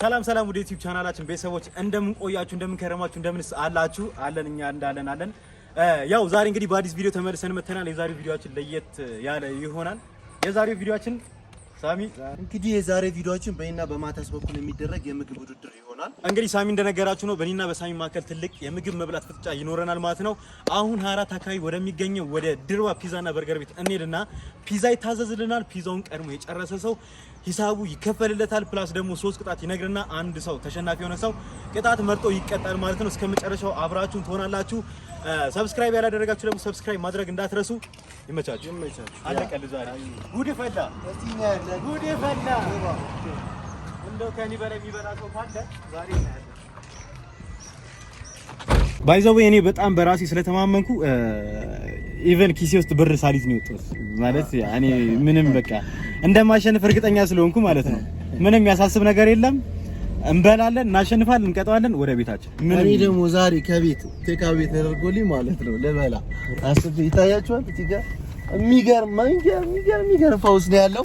ሰላም ሰላም ወደ ዩቲዩብ ቻናላችን ቤተሰቦች እንደምን ቆያችሁ? እንደምን ከረማችሁ? እንደምን አላችሁ? አለን እኛ እንዳለን አለን። ያው ዛሬ እንግዲህ በአዲስ ቪዲዮ ተመልሰን መተናል። የዛሬው ቪዲዮአችን ለየት ያለ ይሆናል። የዛሬው ቪዲዮአችን ሳሚ እንግዲህ የዛሬው ቪዲዮአችን በእኔና በማታስ በኩል የሚደረግ የምግብ ውድድር ይሆናል። እንግዲህ ሳሚ እንደነገራችሁ ነው በእኔና በሳሚ መካከል ትልቅ የምግብ መብላት ፍጥጫ ይኖረናል ማለት ነው። አሁን ሀያ አራት አካባቢ ወደሚገኘው ወደ ድርባ ፒዛና በርገር ቤት እንሄድና ፒዛ ይታዘዝልናል። ፒዛውን ቀድሞ የጨረሰ ሰው ሂሳቡ ይከፈልለታል። ፕላስ ደግሞ ሶስት ቅጣት ይነግርና አንድ ሰው ተሸናፊ የሆነ ሰው ቅጣት መርጦ ይቀጣል ማለት ነው። እስከ መጨረሻው አብራችሁን ትሆናላችሁ። ሰብስክራይብ ያላደረጋችሁ ደግሞ ሰብስክራይብ ማድረግ እንዳትረሱ። ይመቻችሁ። አለቀል ዛሬ ጉድ ፈላ ጉድ ፈላ እንደው ከኔ በላይ የሚበላ ሰው ካለ ዛሬ እናያለን። ባይዘው እኔ በጣም በራሴ ስለተማመንኩ ኢቨን ኪሴ ውስጥ ብር ሳሊት ነው ጥሩ ማለት እኔ ምንም በቃ እንደማሸንፍ እርግጠኛ ስለሆንኩ ማለት ነው። ምንም ያሳስብ ነገር የለም። እንበላለን፣ እናሸንፋለን፣ እንቀጣዋለን። ወደ ቤታችን። እኔ ደግሞ ዛሬ ከቤት ቴካቤ ተደርጎልኝ ማለት ነው ልበላ አስብ። ይታያችኋል። የሚገርም የሚገርም የሚገርም ፋውስ ነው ያለው።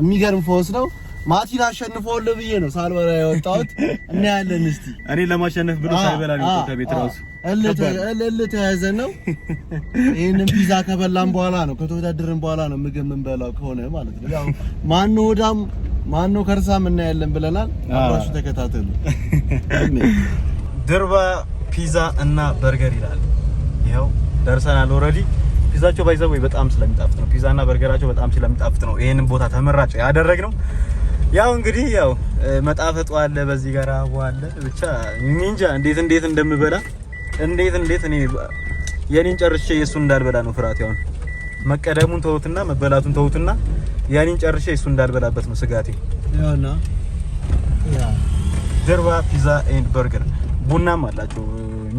የሚገርም ፋውስ ነው ማቲን አሸንፈዋለሁ ብዬ ነው ሳልበላ የወጣሁት። እናያለን እስቲ። እኔ ለማሸነፍ ብሎ ሳይበላ ነው ከቤት ራሱ እልህ ተያይዘን ነው። ይሄንን ፒዛ ከበላን በኋላ ነው ከተወዳደርን በኋላ ነው ምግብ የምንበላው ከሆነ ማለት ነው። ያው ማን ነው ሆዳም ማን ነው ከርሳም እናያለን ብለናል። አብራችሁ ተከታተሉ። ድርባ ፒዛ እና በርገር ይላል። ይኸው ደርሰናል ኦልሬዲ ፒዛቸው ባይዘው በጣም ስለሚጣፍጥ ነው። ፒዛና በርገራቸው በጣም ስለሚጣፍጥ ነው ይሄንን ቦታ ተመራጭ ያደረግነው። ያው እንግዲህ ያው መጣፈጡ አለ፣ በዚህ ጋር አቦ አለ። ብቻ እንጃ እንዴት እንዴት እንደምበላ እንዴት እንዴት እኔ የኔን ጨርሼ የሱ እንዳልበላ ነው ፍርሃት። ያው መቀደሙን ተውትና መበላቱን ተውትና የኔን ጨርሼ የእሱን እንዳልበላበት ነው ስጋቴ። ያውና ያ ድርባ ፒዛ ኤንድ በርገር ቡናም አላቸው፣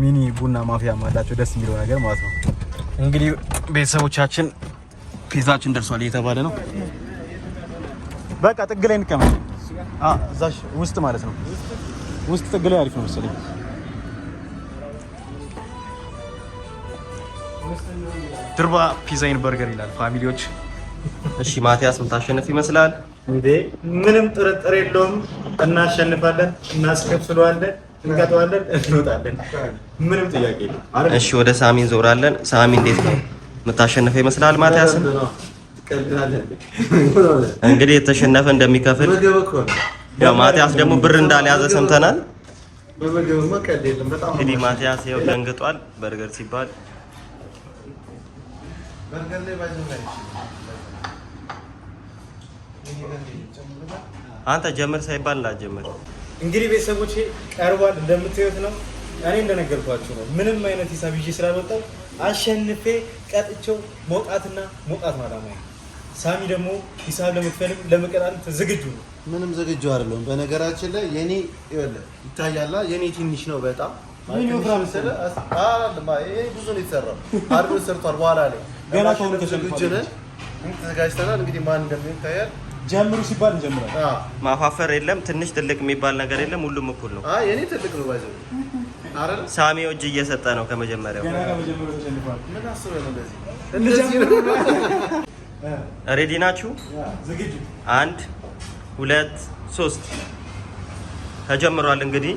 ሚኒ ቡና ማፍያም አላቸው። ደስ የሚለው ነገር ማለት ነው እንግዲህ ቤተሰቦቻችን ፒዛችን ደርሷል እየተባለ ነው በቃ ጥግ ላይ እንቀመጥ። እዛሽ ውስጥ ማለት ነው። ውስጥ ጥግ ላይ አሪፍ ነው መሰለኝ። ድርባ ፒዛይን በርገር ይላል ፋሚሊዎች። እሺ ማቲያስ የምታሸንፍ ይመስላል እንዴ? ምንም ጥርጥር የለውም። እናሸንፋለን፣ እናስከፍለዋለን፣ እንቀጠዋለን፣ እንወጣለን። ምንም ጥያቄ የለም። እሺ ወደ ሳሚ እንዞራለን። ሳሚ እንዴት ነው የምታሸንፈው ይመስላል ማቲያስ እንግዲህ የተሸነፈ እንደሚከፍል ያው ማቲያስ ደግሞ ብር እንዳልያዘ ሰምተናል። እንግዲህ ማቲያስ ያው ደንግጧል። በርገር ሲባል አንተ ጀምር ሳይባል እንዳትጀምር። እንግዲህ ቤተሰቦቼ ቀርቧል እንደምታዩት ነው። እኔ እንደነገርኳችሁ ነው። ምንም አይነት ሂሳብ ይዤ ስላልወጣሁ አሸንፌ ቀጥቼው መውጣትና መውጣት ማላማ ሳሚ ደግሞ ሂሳብ ለመክፈልም ለመቀጣል ዝግጁ ነው። ምንም ዝግጁ አይደለሁም። በነገራችን ላይ የኔ ይወለ ይታያላ የኔ ትንሽ ነው በጣም ምን ይወራል ይወፍራ መሰለህ? ይሄ ብዙ ነው የተሰራው። አድሮ ሰርቷል። በኋላ ላይ ገና ከሆኑ ዝግጁ ነን፣ ተዘጋጅተናል። እንግዲህ ማን እንደሚሆን ይታያል። ጀምሩ ሲባል እንጀምራለን። ማፋፈር የለም ትንሽ ትልቅ የሚባል ነገር የለም። ሁሉም እኩል ነው። አይ የኔ ትልቅ ነው ባይዘው አረ ሳሚ እጅ እየሰጠ ነው ከመጀመሪያው። ገና ከመጀመሪያው ተሸንፏል። ምን አስበህ ነው እንደዚህ እንደዚህ ሬዲ ናችሁ? አንድ ሁለት ሶስት ተጀምሯል። እንግዲህ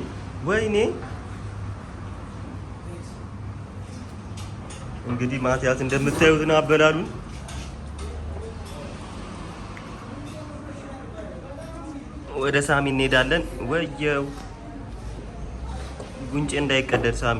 ወይኔ እንግዲህ ማትያስ እንደምታዩት ነው አበላሉን። ወደ ሳሚ እንሄዳለን። ወየው ጉንጭ እንዳይቀደድ ሳሚ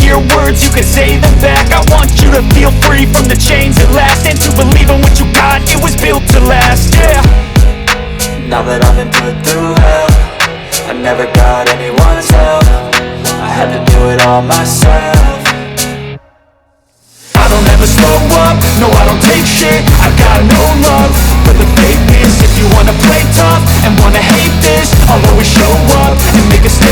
hear words, you can say them back I want you to feel free from the chains at last And to believe in what you got, it was built to last, yeah Now that I've been put through hell I never got anyone's help I had to do it all myself I don't ever slow up, no I don't take shit i got no love for the fakeness If you wanna play tough and wanna hate this I'll always show up and make a stand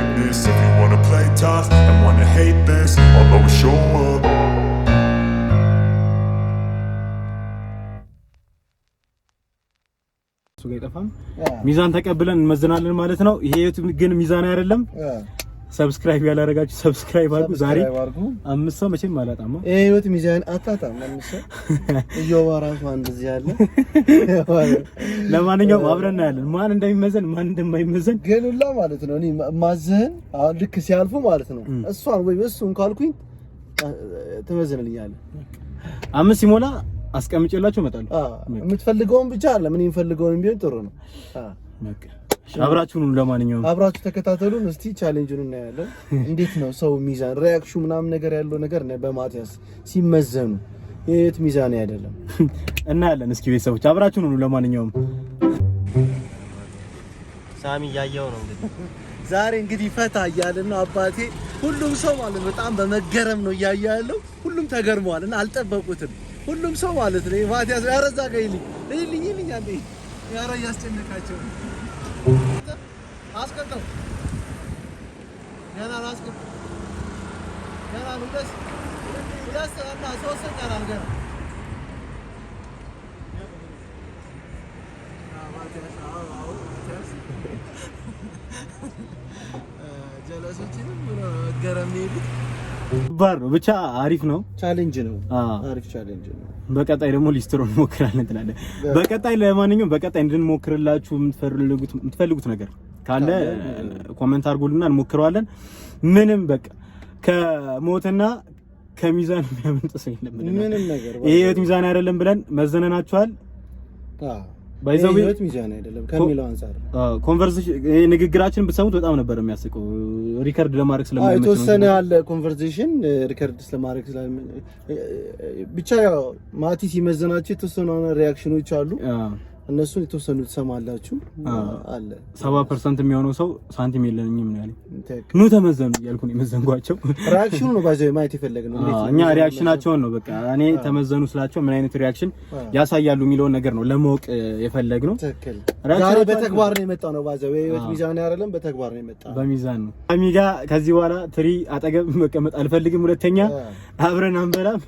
እሱ ጋር አይጠፋም። ሚዛን ተቀብለን እንመዝናለን ማለት ነው። ይሄ ዩቲዩብ ግን ሚዛን አይደለም። ሰብስክራይብ ያላረጋችሁ ሰብስክራይብ አድርጉ። ዛሬ አምስት ሰው መቼም አላጣም። ይሄ ህይወት ሚዛን አታጣም። አምስት ሰው እየው ራሱ አንድ እዚህ አለ። ለማንኛውም አብረን እናያለን ማን እንደሚመዘን ማን እንደማይመዘን። ግን ሁላ ማለት ነው እኔ ማዝህን አሁን ልክ ሲያልፉ ማለት ነው እሷን ወይም እሱን ካልኩኝ ትመዝንልኛለህ። አምስት ሲሞላ አስቀምጬላችሁ እመጣለሁ። የምትፈልገውን ብቻ አለ ምን የምፈልገውን ቢሆን ጥሩ ነው። አብራችሁን ለማንኛውም አብራችሁ ተከታተሉን። እስቲ ቻሌንጁን እናያለን። እንዴት ነው ሰው ሚዛን ሪያክሽኑ ምናምን ነገር ያለው ነገር በማቲያስ ሲመዘኑ የት ሚዛን አይደለም እናያለን። እስኪ ቤተሰቦች አብራችሁን ሁኑ። ለማንኛውም ሳሚ እያየው ነው እንግዲህ ዛሬ እንግዲህ ፈታ እያልን ነው አባቴ። ሁሉም ሰው ማለት በጣም በመገረም ነው እያየ ያለው። ሁሉም ተገርመዋል እና አልጠበቁትም። ሁሉም ሰው ማለት ነው። ማቲያስ ያረዛ ጋይልኝ ይልኝ ይልኝ አንዴ ያረ እያስጨነቃቸው አስቀጠው ገና አስቀጠው ገና ነው ደስ ደስ እና ሶስተኛ ነው ገና ከባድ ነው። ብቻ አሪፍ ነው፣ ቻሌንጅ ነው። አሪፍ ቻሌንጅ ነው። በቀጣይ ደግሞ ሊስትሮ እንሞክራለን ትላለን። በቀጣይ ለማንኛውም በቀጣይ እንድንሞክርላችሁ የምትፈልጉት የምትፈልጉት ነገር ካለ ኮመንት አድርጉልና እንሞክረዋለን። ምንም በቃ ከሞትና ከሚዛን የሚያመልጥ ሰው የለም። ምንም ነገር ይሄ ሚዛን አይደለም ብለን መዘነናችኋል። ባይዘውት ሚዛን አይደለም ከሚለው አንፃር ኮንቨርሴሽን ንግግራችን ብትሰሙት በጣም ነበር የሚያስቀው። ሪከርድ ለማድረግ ስለማይመች የተወሰነ ያለ ኮንቨርሴሽን ሪከርድ ስለማድረግ ስለማይመች ብቻ ያው ማቲ ሲመዘናቸው የተወሰኑ ሪያክሽኖች አሉ። እነሱን የተወሰኑ ትሰማላችሁ አለ። ሰባ ፐርሰንት የሚሆነው ሰው ሳንቲም የለኝም ነው ያለኝ። ኑ ተመዘኑ እያልኩ ነው የመዘንጓቸው። ሪያክሽኑ ነው ባይዘ ማየት የፈለግነው እኛ ሪያክሽናቸውን ነው። በቃ እኔ ተመዘኑ ስላቸው ምን አይነት ሪያክሽን ያሳያሉ የሚለውን ነገር ነው ለማወቅ የፈለግነው። ዛሬ በተግባር ነው የመጣ ነው ባይዘ በህይወት ሚዛን አይደለም፣ በተግባር ነው የመጣ በሚዛን ነው። አሚጋ ከዚህ በኋላ ትሪ አጠገብ መቀመጥ አልፈልግም። ሁለተኛ አብረን አንበላም።